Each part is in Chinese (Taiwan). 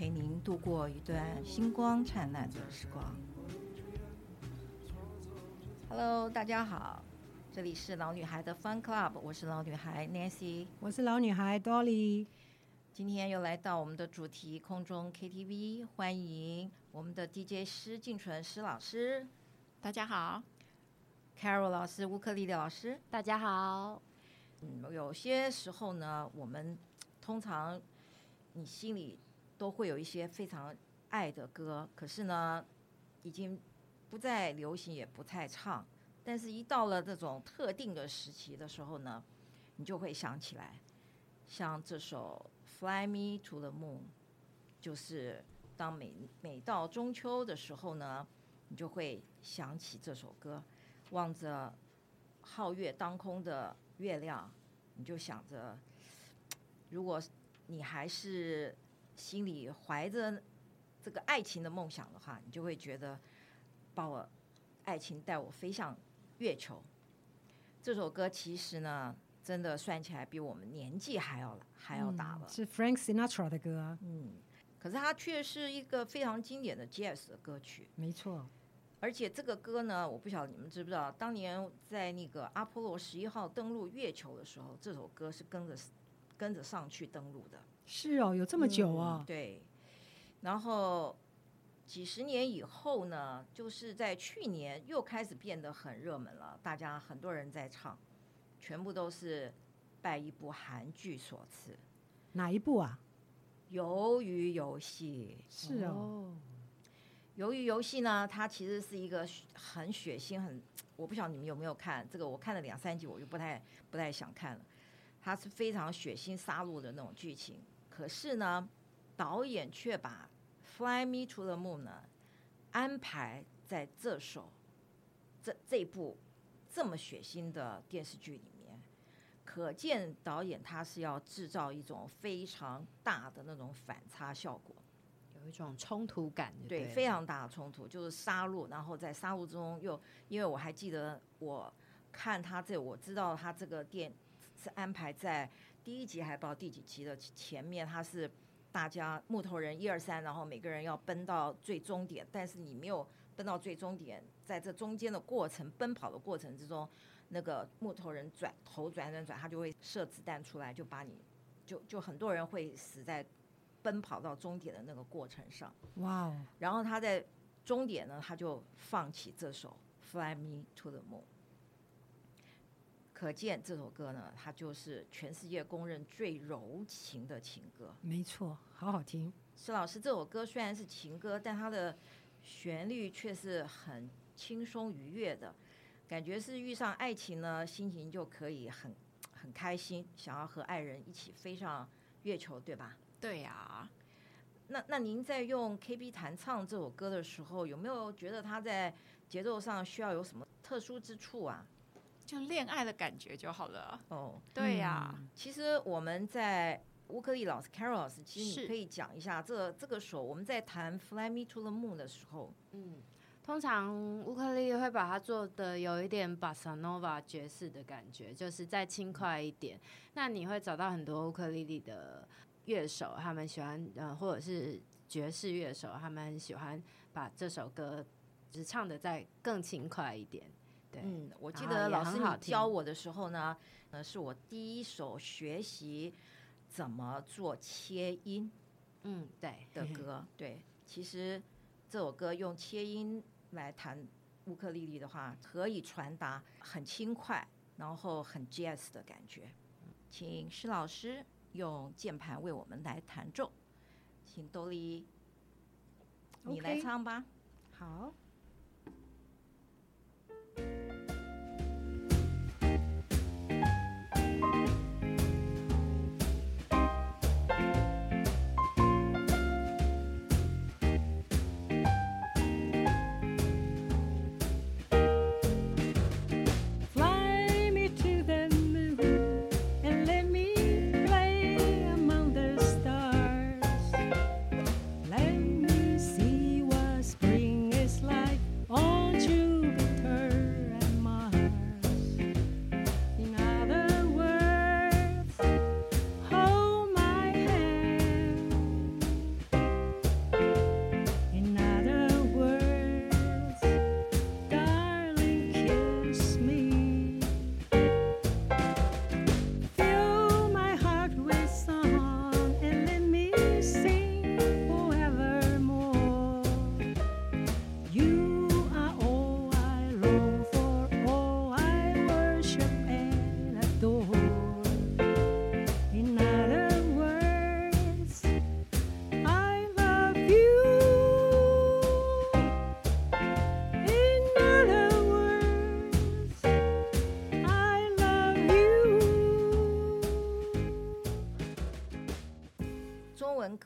陪您度過一段星光燦爛的時光。Hello，大家好，這裡是老女孩的 Fun Club，我是老女孩 Nancy，我是老女孩 Dolly，今天又來到我們的主題空中 KTV，歡迎我們的 DJ 施靜純，施老師，大家好，Carol 老師，烏克麗麗老師，大家好。嗯，有些時候呢，我們通常你心裡。都會有一些非常愛的歌，可是呢，已經不再流行，也不太唱。但是，一到了這種特定的時期的時候呢，你就會想起來，像這首《Fly Me to the Moon》，就是當每每到中秋的時候呢，你就會想起這首歌，望着皓月當空的月亮，你就想着，如果你還是。心裡懷着這個愛情的夢想的話，你就會覺得把我愛情帶我飛向月球。這首歌其實呢，真的算起來比我們年紀還要還要大了。嗯，是 Frank Sinatra 的歌啊。嗯，可是它卻是一個非常經典的 Jazz 的歌曲。沒錯，而且這個歌呢，我不曉得你們知不知道，當年在那個阿波羅十一號登陸月球的時候，這首歌是跟着。跟着上去登錄的是哦，有這麼久啊，哦，嗯。對，然後幾十年以後呢，就是在去年又開始變得很熱門了，大家很多人在唱，全部都是拜一部韓劇所賜，哪一部啊？《魷魚遊戲》是哦，《魷魚遊戲》呢，它其實是一個很血腥，很……我不曉得你們有沒有看這個，我看了兩三集，我就不太不太想看了。他是非常血腥殺戮的那種劇情，可是呢，導演卻把《Fly Me to the Moon》呢安排在這首這這部這麼血腥的電視劇裡面，可見導演他是要制造一種非常大的那種反差效果，有一種衝突感。對，對，非常大的衝突，就是殺戮，然後在殺戮中又因為我還記得我看他這，我知道他這個電。是安排在第一集還不知道第幾集的前面？他是大家木頭人一二三，然後每個人要奔到最終點。但是你沒有奔到最終點，在這中間的過程奔跑的過程之中，那個木頭人轉頭轉轉轉，他就會射子彈出來，就把你，就就很多人會死在，奔跑到終點的那個過程上。哇、wow. 然後他在終點呢，他就放起這首《Fly Me to the Moon》。可見這首歌呢，它就是全世界公認最柔情的情歌。沒錯，好好聽。施老師，這首歌雖然是情歌，但它的旋律卻是很輕鬆愉悅的，感覺是遇上愛情呢，心情就可以很很開心，想要和愛人一起飛上月球，對吧？對呀、啊。那那您在用 KB 彈唱這首歌的時候，有沒有覺得它在節奏上需要有什麼特殊之處啊？就戀愛的感覺就好了。哦、oh, 嗯，對呀、啊，其實我們在烏克麗老師 Carlos，其實你可以講一下這這個所、這個、我們在彈《Fly Me to the Moon》的時候，嗯，通常烏克麗麗會把它做的有一點巴薩諾瓦爵士的感覺，就是再輕快一點。那你會找到很多烏克麗麗的樂手，他們喜歡呃，或者是爵士樂手，他們喜歡把這首歌只唱的再更輕快一點。對嗯，我記得老師你教我的時候呢，呃，是我第一首學習怎麼做切音，嗯，對的歌，對，其實這首歌用切音來彈烏克麗麗的話，可以傳達很輕快，然後很 jazz 的感覺。請施老師用鍵盤為我們來彈奏，請 Dolly 你來唱吧，okay. 好。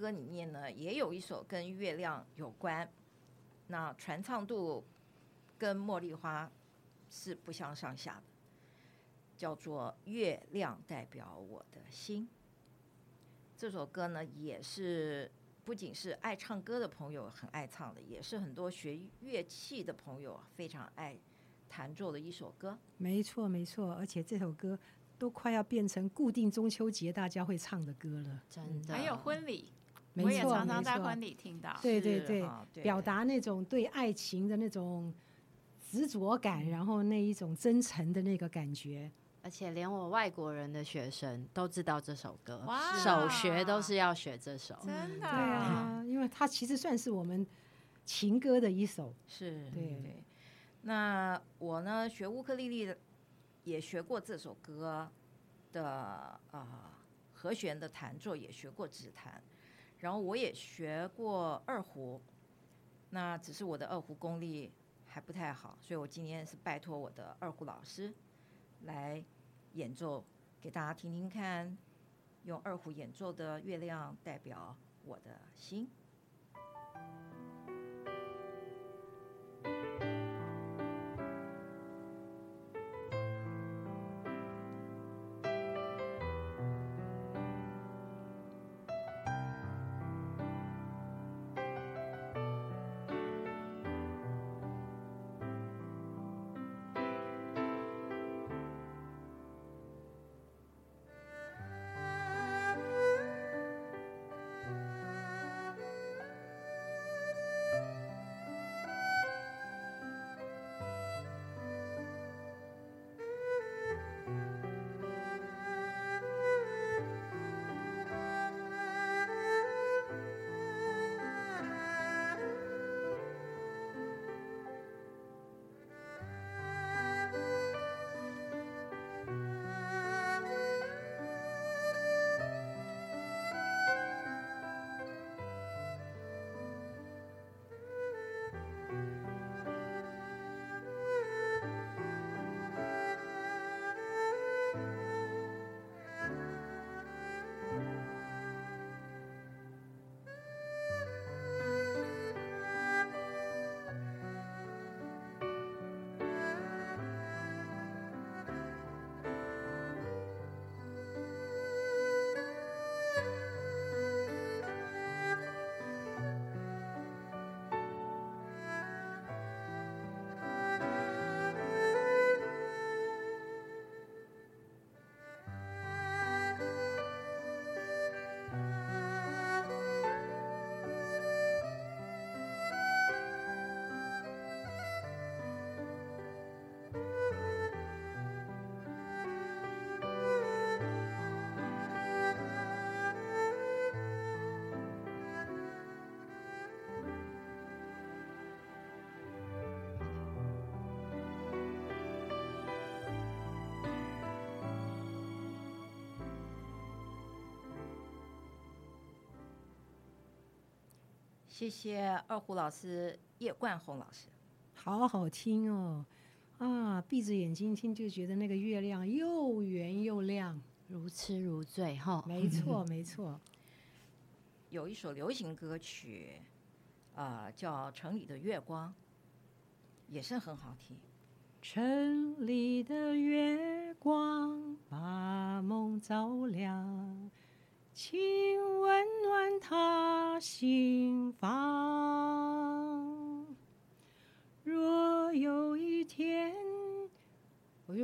歌裡面呢也有一首跟月亮有關，那傳唱度跟《茉莉花》是不相上下的，叫做《月亮代表我的心》。這首歌呢也是不僅是愛唱歌的朋友很愛唱的，也是很多學樂器的朋友非常愛彈奏的一首歌。沒錯，沒錯，而且這首歌都快要變成固定中秋節大家會唱的歌了。真的，嗯，還有婚禮。我也常常在婚禮聽到，對對對、哦、對，表達那種對愛情的那種執着感，然後那一種真誠的那個感覺。而且連我外國人的學生都知道這首歌，哇首學都是要學這首。真的、啊嗯，對啊、嗯，因為它其實算是我們情歌的一首。是對，對。那我呢，學烏克麗麗的，也學過這首歌的啊、呃、和弦的彈奏，也學過指彈。然後我也學過二胡，那只是我的二胡功力還不太好，所以我今天是拜托我的二胡老師來演奏給大家聽聽看，用二胡演奏的《月亮代表我的心》。謝謝二胡老師葉冠宏老師，好好聽哦，啊，閉着眼睛聽就覺得那個月亮又圓又亮，如痴如醉哈、哦。沒錯，沒錯， 有一首流行歌曲，啊、呃，叫《城裡的月光》，也是很好聽。城裡的月光，把夢照亮，請溫暖他心。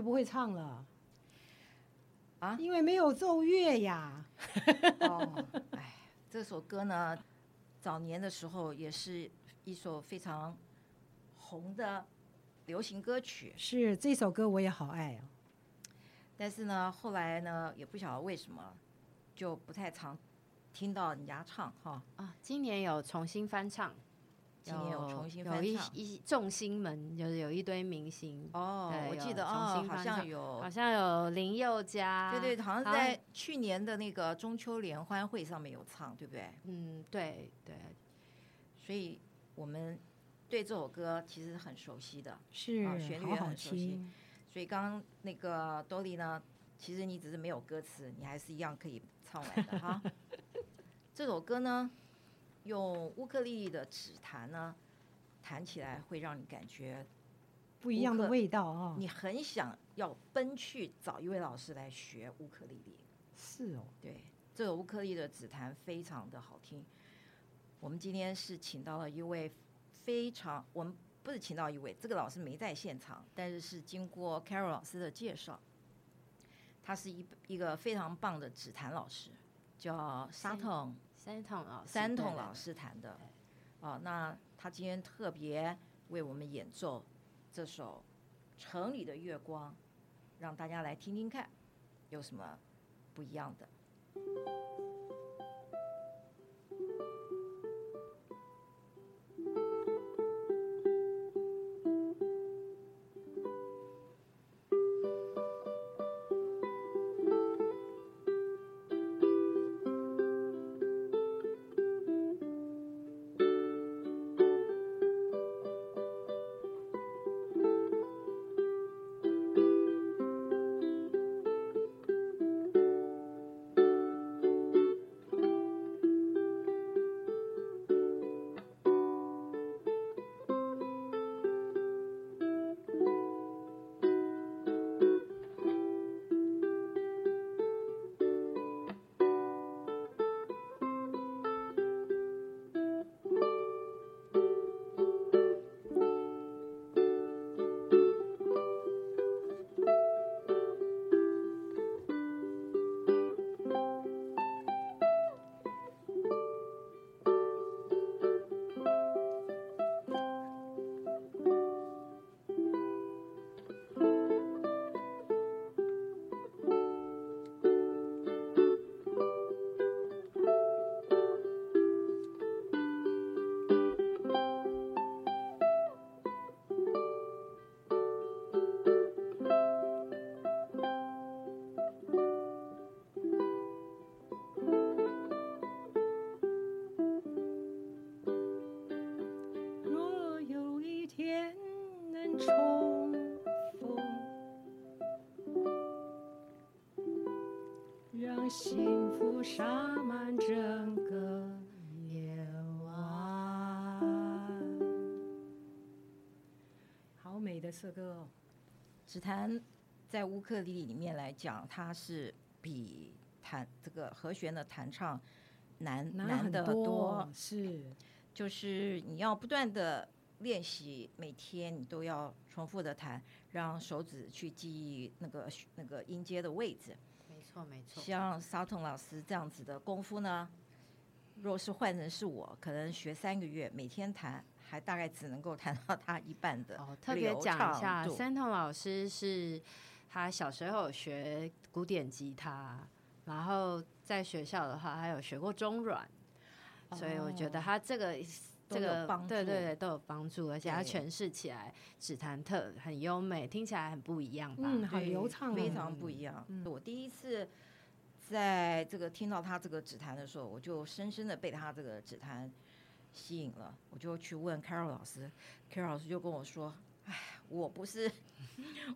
就不會唱了，啊，因為沒有奏樂呀。 哦，哎，這首歌呢，早年的時候也是一首非常紅的流行歌曲。是這首歌我也好愛、啊、但是呢，後來呢，也不曉得為什麼，就不太常聽到人家唱哈。啊、哦哦，今年有重新翻唱。今年有重新有，有一一眾星門，就是有一堆明星哦，我記得哦，好像有好像有林宥嘉，對，對對，好像在去年的那個中秋聯歡會上面有唱，對不對？嗯，對對，所以我們對這首歌其實很熟悉的，是旋律、啊、也很熟悉。好好，所以剛剛那個 Dolly 呢，其實你只是沒有歌詞，你還是一樣可以唱完的哈。 這首歌呢。用烏克麗麗的指彈呢，彈起來會讓你感覺不一樣的味道啊！你很想要奔去找一位老師來學烏克麗麗，是哦。對，這個烏克麗麗的指彈非常的好聽。我們今天是請到了一位非常，我們不是請到一位，這個老師沒在現場，但是是經過 Carol 老師的介紹，他是一一個非常棒的指彈老師，叫 Santon。Santon 啊，Santon 老師彈的，哦，那他今天特別為我們演奏這首《城裡的月光》，讓大家來聽聽看，有什麼不一樣的。這個指彈在烏克麗麗裡面來講，它是比彈這個和弦的彈唱難難，難得多。是，就是你要不斷的練習，每天你都要重複的彈，讓手指去記憶那個那個音階的位置。沒錯沒錯。像 Santon 老師這樣子的功夫呢，若是換成是我，可能學三個月，每天彈。還大概只能夠彈到他一半的。哦，特別講一下，Santon 老師是他小時候學古典吉他，然後在學校的話，還有學過中阮、哦，所以我覺得他這個這個幫助對對對，對都有幫助，而且他詮釋起來指彈特很優美，聽起來很不一樣吧。嗯，很流暢、哦，非常不一樣、嗯。我第一次在這個聽到他這個指彈的時候，我就深深的被他這個指彈。吸引了，我就去問 Carol 老師，Carol 老師就跟我說：“哎，我不是，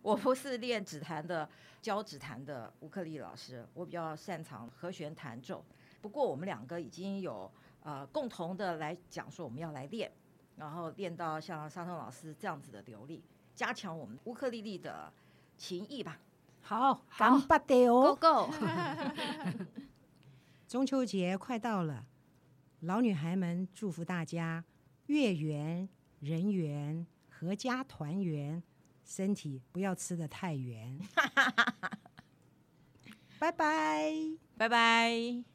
我不是練指彈的，教指彈的烏克麗麗老師，我比較擅長和弦彈奏。不過我們兩個已經有呃共同的來講說我們要來練，然後練到像 Santon 老師這樣子的流利，加強我們烏克麗麗的情誼吧。好，干巴得哦，Go Go！中秋節快到了。”老女孩們，祝福大家月圓人圓，合家團圓，身體不要吃得太圓。拜 拜，拜拜。